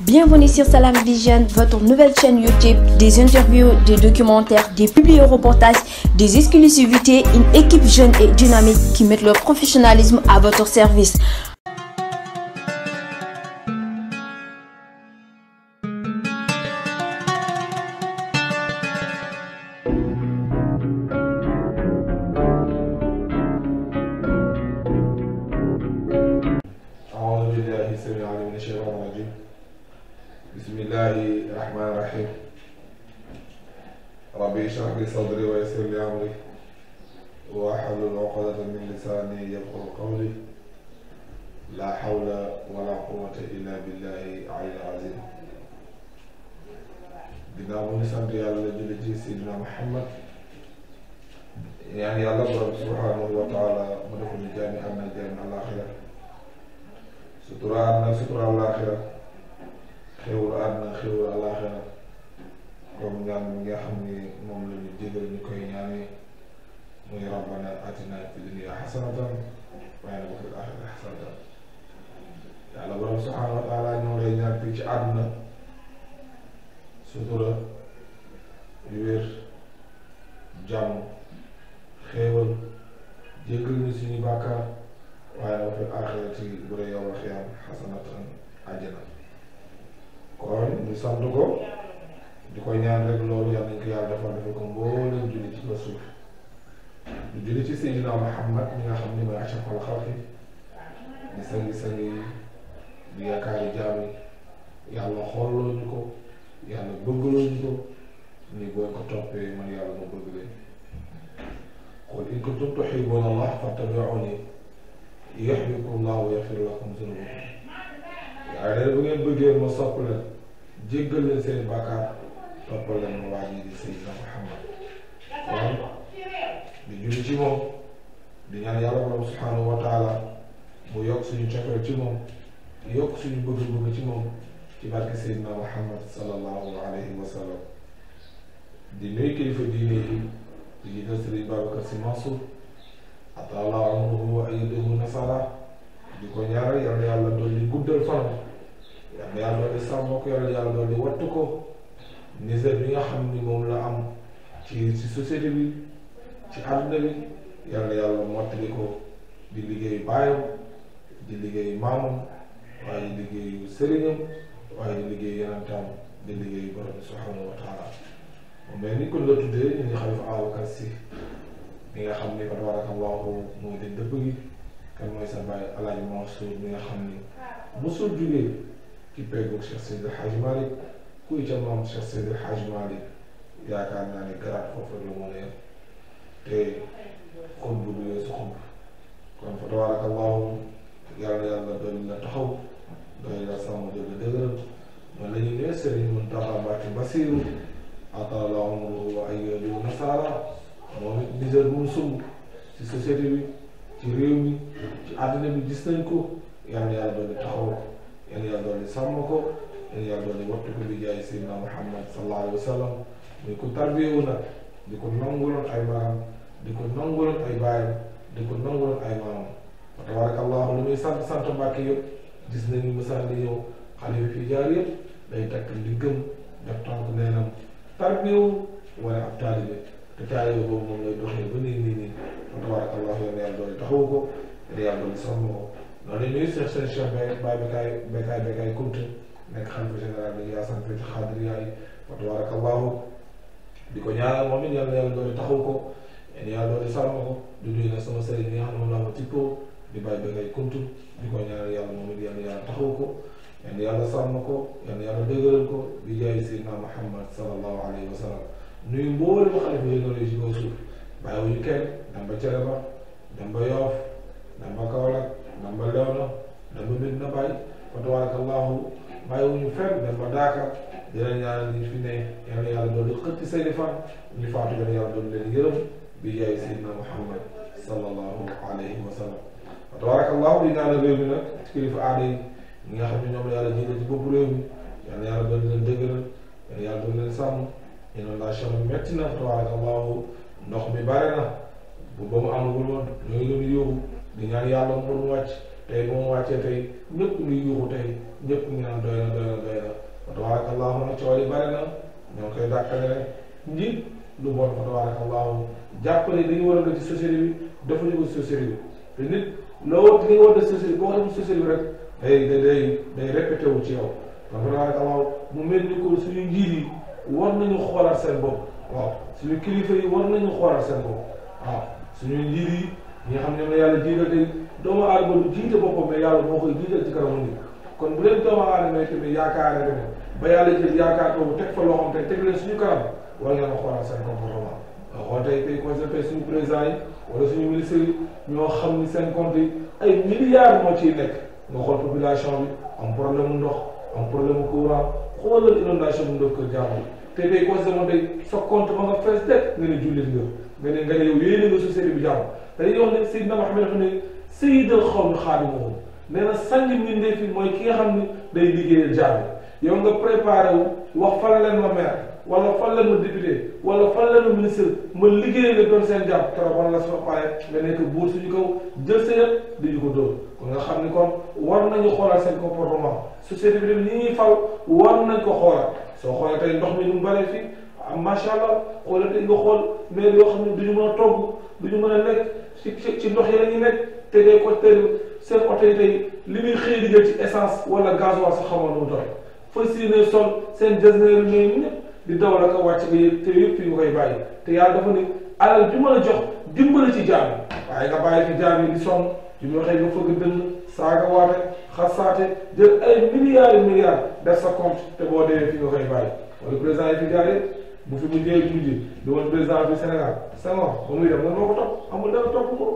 Bienvenue sur Salam Vision, votre nouvelle chaîne YouTube, des interviews, des documentaires, des publi-reportages, des exclusivités, une équipe jeune et dynamique qui met leur professionnalisme à votre service. أعوذ بالله السميع العليم من الشيطان الرجيم bismillahi rahmaani rahim rabbi ishrah li sadri wa yassir li amri wa ahlul uqdatan min lisani yafqahu qawli la hawla wala quwwata illa billahi alil azim ginnaaw mu ngi sant yàlla julli ci sidina Muhammad ñaan yàlla borom subhanahu wa taala mu defuñu jaami am na jaami alaxira suturaal na suturaal alaxira xéwul àdduna xéwul àllaaxira comme ñaan bi nga xam ni moom la ñu digal ñu koy ñaane muy rabbana atina fi dunya xasanatan waaye nag fil axirati xasanatan yàlla borom subhaanahu wa taala ñoo lay ñaan fii ci àdduna sutura wér jàmm xéewal jéggal ñu suñu bàkkaar waaye nag fil axirati bu dee kon ñu sant ko di ko ñaan rek loolu yàlla nañ ko yàlla defal defal ko mbooleem julli ci ba suuf ñu julli ci Seydina Muhammad ñi nga xam ni mooy ashraful xalqi di sangi sangi di yaakaari jaam yi yàlla xooloo ñu ko yàlla bëggaloo ñu ko ni boo ko toppee man yàlla ma bëgg leen qul in kuntum tuhibbuuna Allaha fattabi'uuni yuhbibkumu Allahu wa yaghfir lakum zunuubakum waaye nag bu ngeen bëggee ma sopp leen jéggal leen seen bàkkaar toppal leen ma Muhammad kon di julli ci di ñaan yàlla borom subhanahu wa mu yokk suñu cofeel ci moom yokk suñu bëgg-bëgg ci moom ci barke Seydina Muhammad sallallahu alayhi wa sallam di nuyu kilifa diine yi di jiital Sëriñ Babacar Si Mansour atallahu anhu wa ayyadahu di ko ñaanal yal na yàlla dolli guddal fanam yal na yàlla dolli sàmm ko yal na yàlla dolli wattu ko niseur bi nga xam ni moom la am ci ci société bi ci àdduna bi yal na yàlla mottali ko di liggéey baayam di liggéey maamam waaye di liggéeyu sëriñam waaye di liggéey yanantaam di liggéey borom subhanahu wa taala moom mel ni ko la tuddee ñu ngi xalifa Ababacar Sy mi nga xam ni fa tabaraka allahu mooy di dëpp gi kan mooy sa baay Alaaji Mansour bi nga xam ni mosul jugee ci peggu Cheikh Seydil Hadj Malick kuy ca moom Cheikh Seydil Hadj Malick yaakaar naa ne garab foofu la mu ne te xub bu dul su xub kon fa tabarakallahu yàlla yàlla doon la taxaw doy la sàmm doy la dëgëral mooy la ñu ne Serigne Mountakha Mbacké Bassirou atala umruhu wa ayyadahu nasara moom it bu mu sumb ci société bi ci réew àddina bi gis nañ ko yal na yàlla doon di taxaw yal na yàlla doon di sàmm ko yal na yàlla doon di wattu ko bi jaay Seydina Muhammad sallallahu alayhi wa sallam ko tarbiyewu nag ko nanguloon ay maam di ko nanguloon ay baayam di ko nanguloon ay maamam wa tabaraka allahu lu muy sant sant Mbàkke yëpp gis nañu masaan di ñëw xale fi jaar day takk di gëm neenam tarbiyewu wala ab taalibe te taalibe boobu moom lay doxee ba nii nii wa tabaraka allahu yal na yàlla taxaw ko Riyadou Sow moo noonu la ñuy seet seen chef bay bay Bécaye Bécaye Bécaye Kounta nekk xalifa général bi Yaasan Fati di ko ñaanal moom it yàlla yàlla doon taxaw ko yàlla doon sàmm ko di nuyu nag sama sëriñ bi nga xam tippoo di bay Bécaye Kounta di ko ñaanal yàlla moom it yàlla yàlla taxaw ko yàlla yàlla sàmm ko yàlla yàlla dëgëral ko bi jaay Seydina Muhammad sallallahu alayhi wa sallam nuyu mboolem xalifa yi nga xam ne ci kaw suuf bàyyiwuñu kenn dem dama Kaolack dama Leona dama Medina Baye fa tabarakallahu bàyyiwuñu fenn dama Daaka di leen ñaanal ñu fi ne yal na yàlla doon xëcc seeni fan ñu faatu yal na yàlla doon leen yërëm bi jaay Seydina Muhammad sallallahu alayhi wa sallam fa tabarakallahu di ñaanal réew mi nag kilifa aada yi ñi nga xam ne ñoom la yàlla jëlee ci bopp réew mi yal na yàlla doon leen dëgëral yal na yàlla doon leen sàmm inondation bi métti na fa tabarakallahu ndox mi bare na bu boobu amagul woon ñu ngi doon yóbbu di ñaan yàlla mu mu wàcc tey bu mu wàccee tey ñëpp ñu yuuxu tey ñëpp ñu naan doy na doy na doy na fa tabarakallahu na coow yi bare na ñoo koy dàkkale rek njiit lu bon fa tabarakallahu jàppale li ñu war a def ci société bi defuñu ko société bi te nit loo war li nga war a def société bi boo xam société bi rek day day day day répété wu ci yow fa tabarakallahu mu mel ni ko suñu njiit yi war nañu xoolaat seen bopp waaw suñu kilifa yi war nañu xoolaat seen bopp waaw suñuy njiit yi ñi nga xam ne ne yàlla jiital tey doomu aadama du jiite boppam mais moo koy jiital ci kanamu nit kon bu leen doomu aadama yi tamit yaakaare rek ba yàlla jël yaakaar boobu teg fa loo xam tey teg leen suñu kanam war ngeen a xoolal seen comportement nga xool tey tey constaté suñu président yi wala suñu ministres yi ñoo xam ni seen compte yi ay milliards moo ciy nekk nga xool population bi am problème mu ndox am problème mu courant xoolal inondation bu ndox kër jàmm te tey constaté moom tey sa compte nga ne nga ne yow yéene nga su sëriñ bi jàmm dañuy wax ne Seydina Muhammad dafa ne sayyidul xawmi xaadimuhum nee na sang mbindeef yi mooy ki nga xam ne day liggéey jaam yi yow nga préparé wax fan leen ma maire wala fan leen ma député wala fan leen ma ministre ma liggéey nga doon seen jàmm keroog war la soo paree nga nekk buur suñu kaw jël sa yëpp di ñu ko dóor kon nga xam ni kon war nañu xoolal seen comportement société bi dem ni ñuy faw war nañ ko xoolal soo xoolee tey ndox mi ñu mu bëree macha allah xoolal tey nga xool mais yoo xam ne du ñu mën a togg du ñu mën ci ci ndox yi la ñuy nekk te day ko teel seen oto yi li muy xëy di jël wala gasoil sa xamoon lu mu doy fas yéene seen desneer ñooñu ñëpp di dawal a wàcc ba yëpp te yëpp yu koy bàyyi te yàlla dafa ni alal ju jox dimbali ci jaam yi waaye nga bàyyi jaam yi di sonn di ñu waxee nga fëgg dënn saaga waate xasaate jël ay milliards et milliards def sa compte te boo dee fi nga koy bàyyi wala président fi jaaree bu fi mu dee julli di woon président du Sénégal Senghor ba muy dem moo ko topp amul dara topp ko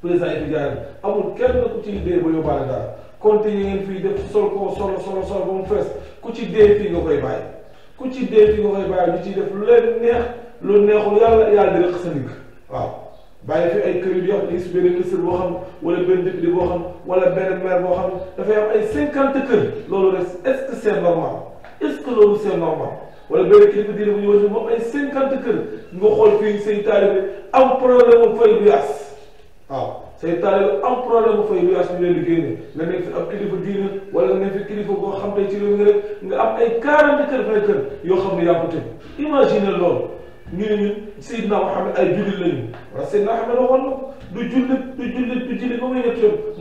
président étudiant yi amul kenn ku ci dee ba yóbbaale dara continuer ngeen fii def sol koo solo solo solo ba mu fees ku ci dee fii nga koy bàyyi ku ci dee fii nga koy bàyyi ñu ciy def lu leen neex lu neexul yàlla yàlla di rëq sa ndigg waaw fi ay kër yu yor gis benn ministre boo xam wala benn député boo xam wala benn maire boo xam dafay am ay cinquante kër loolu rek est-ce ce que loolu c'est normal wala benn kilifa diine bu ñu wër moom ay cinquante kër nga xool fii say taalibe am problème mu fay lu yaas waaw say am problème mu fay lu yaas ñu leen di génne nga fi am kilifa diine wala nga fi kilifa boo xam ne ci réew mi rek nga am ay quarante kër fay kër yoo xam ne yaa ko tëj imagine loolu ñu ne ñun Seydina Mohamed ay jullit lañu wala Seydina Mohamed na du jullit du jullit du jullit ba mu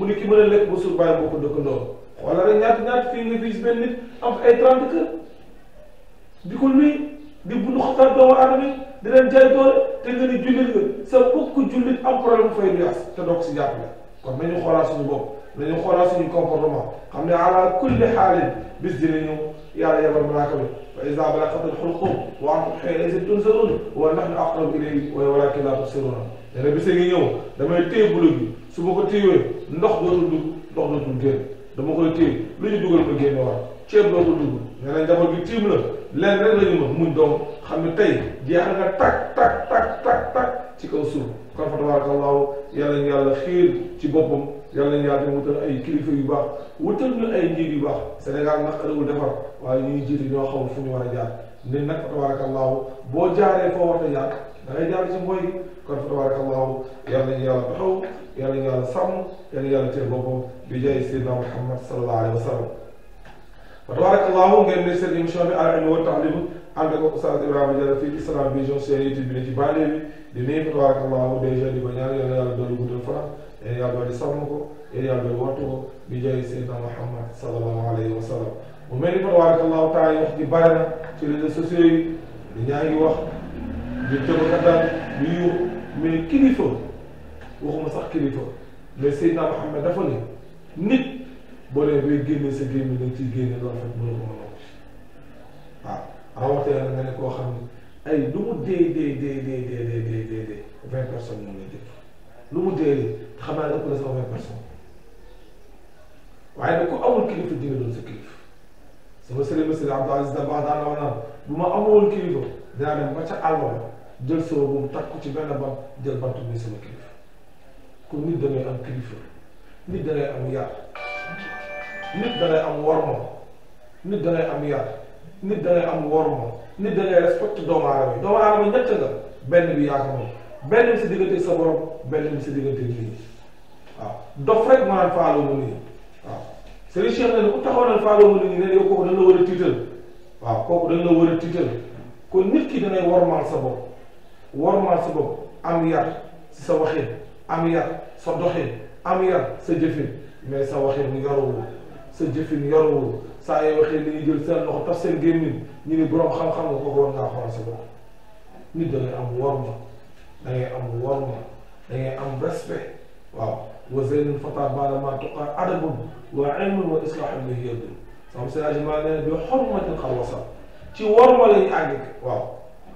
ne ki mën lekk ba suur kër di ko nuyu di bu xatal doomu aadama yi di leen jaay doole te nga ni jullit nga sa bokk jullit am problème fay nuyaas te doo ko si jàppale kon nañu xoolaat suñu bopp nañu xoolaat suñu comportement xam ne ala kulli xaalin bis dina ñëw yàlla yebal malaaka bi fa iza balaqat al-hulqum wa antum hiina'izin tunzarun wa nahnu aqrabu ilayhi walakin laa tubsiruun dana su ndox dootul dugg ndox dootul génn dama koy téye lu ñu dugal ko génn waat ceeb dootul dugg nee nañ dafa bi tiim la lenn rek la ñu mën muñ doom xam ne tey jeex nga tak tak tak tak tak ci kaw suuf kon fa tabarakallahu yàlla ñu yàlla xiir ci boppam yàlla ñu yàlla dem wutal ay kilifa yu baax wutal ñu ay njiit yu baax Sénégal nag ëllëgul defar waaye ñuy jiit yi ñoo xamul fu ñu war a jaar nit nag fa tabarakallahu boo jaaree foo war a jaar da ngay jaar ci mboy kon fa tabarakallahu yàlla ñu yàlla taxaw yàlla ñu yàlla sàmm yàlla ñu yàlla teel boppam bi jaay Seydina Muhammad sallallahu alayhi wa sallam fa tabarakallahu ngeen ne seen émission bi al ilm wa taalim ànd ak Oustaz Ibrahima Diallo fii ci Salam Vision seen YouTube bi ne ci bànnee bi di nuyu fa tabarakallahu déjà di ko ñaan yàlla yàlla doon guddal faram yàlla doon sàmm ko yàlla doon wattu ko bi jaay Seydina Muhammad sallallahu alayhi wa sallam mu mel ni fa tabarakallahu taala wax ji bari na ci réseaux sociaux yi di ñaa ngi wax di jëbakataan di yuux mais kilifa waxuma sax kilifa mais Seydina Muhammad dafa ne nit boo dee bay génne sa génne da nga ciy génne loo xam ne mënoo ko waaw ah. ah, rawatina nga ne koo xam ne ay lu mu dee dee dee dee dee dee dee dee vingt personnes moom la jël lu mu dee dee xam naa ëpp na sama vingt personnes waaye nag ku amul kilifa dina doon sa kilifa sama sëriñ monsieur Abdou Aziz Dabakh daan la wax naan bu ma amul kilifa dinaa dem ba ca àll ba jël sama buum takku ci benn bant jël bant bi sama kilifa kon nit da ngay am kilifa nit da ngay am yar. nit da ngay am worma nit da ngay am yar nit da ngay am worma nit da ngay respecté doomu aadama yi doomu aadama benn bi yaa moom benn bi si diggante sa borom benn bi si diggante bi waaw dof rek maanaam faaloo mu nii waaw Serigne Cheikh ne ne ku taxaw mu nii a tiital waaw kooku dañ la war nit ki da sa bopp wormaal sa bopp am yar si sa waxin am yar sa doxin am yar sa jëfin mais sa waxin mu yoroo sa jëfin yoroo saa yoo waxee dañuy jël seen loxo taf seen gémmiñ ñu ni xam-xam nga kooku war ngaa xool sa nit da ngay am worma da ngay am worma da ngay am respect waaw wa zeynul fata baada ma tuqa adabun wa ilmun wa islahun lahi yëddu sama sëriñ maa nee bi xormatin xawasa ci worma lañu àgg waaw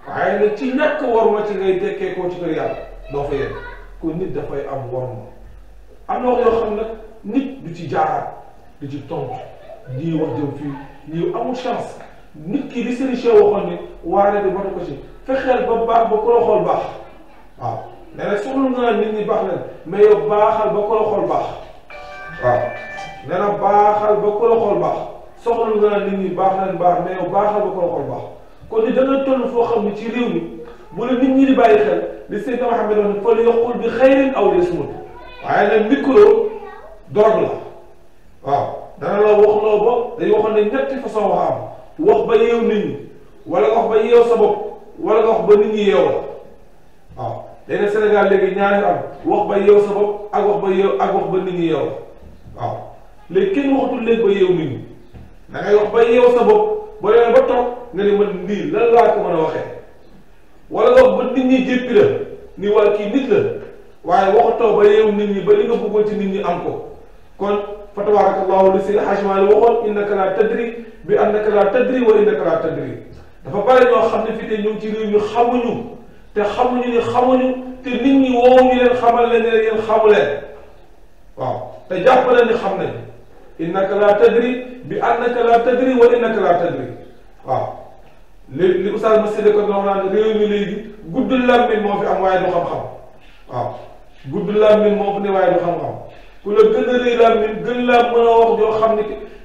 waaye nag ci ñàkk worma ci ngay dekkee koo ci kër yàlla doo fa yegg kon nit dafay am worma am na yoo xam nag nit du di ci tontu ñii wax jëm fii ñii amul chance nit ki li seen i waxoon ni waare di matu ko ci fexeel ba baax ba ku la xool baax waaw mais nag soxla naa nit ñi baax leen mais yow baaxal ba ku la baax waaw nee na baaxal ba ku la xool baax soxla naa nit ñi baax leen baax mais yow baaxal ba ku la xool baax kon ni dana toll foo xam ne ci réew mi bu la nit ñi di bàyyi xel li Seydina Muhammad wax ne fal yaqul bi xayrin aw liyasmut waaye nag micro drogue la. waaw dana la waxloo ba dañu waxoon ne ñetti façon wax am wax ba yeew nit ñi wala nga wax ba yeew sa bopp wala wax ba nit ñi yeew la waaw léegi nag Sénégal léegi ñaari am wax ba yeew sa bopp ak wax ba yeew ak wax ba nit ñi yeew la waaw léegi kenn waxatul léegi ba yeew nit ñi da ngay wax ba yeew sa bopp ba demee ba toog nga ne man nii lan ko mën a waxee wala nga wax ba nit ñi jéppi la ni waa kii nit la waaye waxatoo ba yeew nit ñi ba li nga bëggoon ci nit ñi am ko kon fa tabaraka allahu li si hajmaali waxoon innaka laa tadri bi annaka laa tadri wa innaka laa tadri dafa bare ñoo xam ne fii de ñu ngi ci réew ñu xamuñu te xamuñu ni xamuñu te nit ñi woow ñu leen xamal leen ne leen yéen waaw te jàpp na ni xam nañ innaka laa tadri bi annaka laa tadri wa innaka laa tadri waaw li li oustaz ma séddee ko doon wax naan réew mi léegi gudd làmmiñ moo fi am waaye du xam-xam waaw gudd làmmiñ moo fi ne waaye du xam-xam ku la gën a rëy làmmiñ gën laa mën a wax yoo xam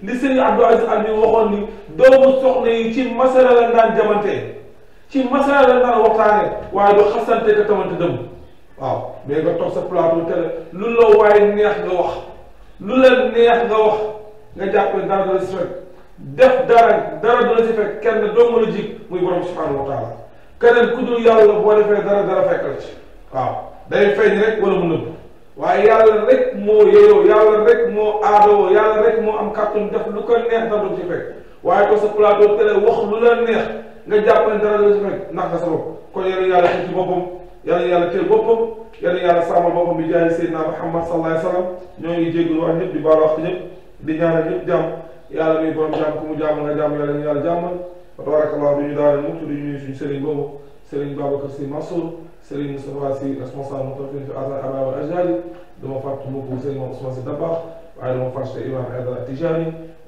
ne li sëñ Abdou Aziz Al mi waxoon ni doomu soxna yi ci masala la daan jamantee ci masala la daan waxtaane waaye du xasante ka tamante dëmm waaw mais nga toog sa plateau lu la waaye neex nga wax lu la neex nga wax nga jàppale dara du la si fekk la si kenn doo mën a jig muy borom subhanahu wa taala keneen ku dul yàlla boo defee dara dara fekk la ci waaw day feeñ rek wala mu nëbb waaye yàlla rek moo yeyoo yàlla rek moo aadoo yàlla rek moo am kàttan def lu ko neex dara du ci fekk waaye ko sa plateau télé wax lu la neex nga jàppale dara du ci fekk ndax nga sa bopp kon yéen yàlla xëy ci boppam yàlla yàlla teel boppam yàlla yàlla sàmmal boppam bi jaay Seydina Muhammad sallallahu alayhi wa sallam ñoo ngi jégalu wax ñëpp di baal wax ñëpp di ñaanal ñëpp jàmm yàlla muy borom jàmm ku mu jàmm nga jàmm yàlla ñu yàlla jàmmal wa tabaraka Allah daal mukk du ñu suñu sëriñ boobu sëriñ Babacar Serigne Moustapha Sy responsable moo tax fi agent Aba wal Ajali dama fàtte mu ko Serigne Ousmane Sy Dabakh waaye dama fàtte Imam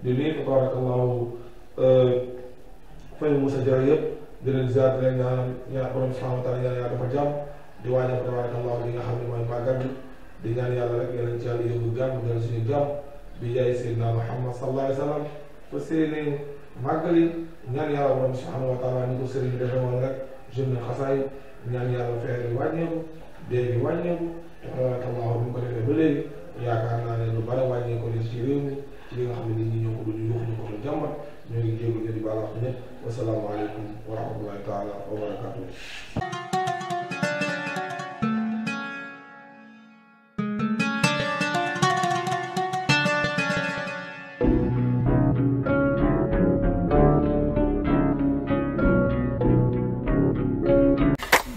di nuyu tabarakallahu euh, fañu Moussa Dia yëpp di leen ziar di leen ñaanal ñaan borom subhanahu wa taala ñaan yàlla di waajal tabarakallahu li nga xam ne mooy màggal bi di ñaan yàlla rek yeneen ci yàlla yóbbu jàmm dal suñu jàmm bi jaay Seydina Muhammad sallallahu alayhi wa sallam fa seeni màggali ñaan yàlla borom subhanahu wa taala ni ko Serigne defe woon rek ñaan yàlla feebar yi wàññeeku dee bi wàññeeku te tabarakallahu bu ñu ko defee ba léegi yaakaar naa ne lu bare wàññeeku ni ci réew mi ci li nga xam ne nit ñi ñoo ko duñu yuux ñu ko doon jàmbat ñoo ngi jéego ñëpp di baal wax ñëpp wasalaamaaleykum wa rahmatullahi taala wa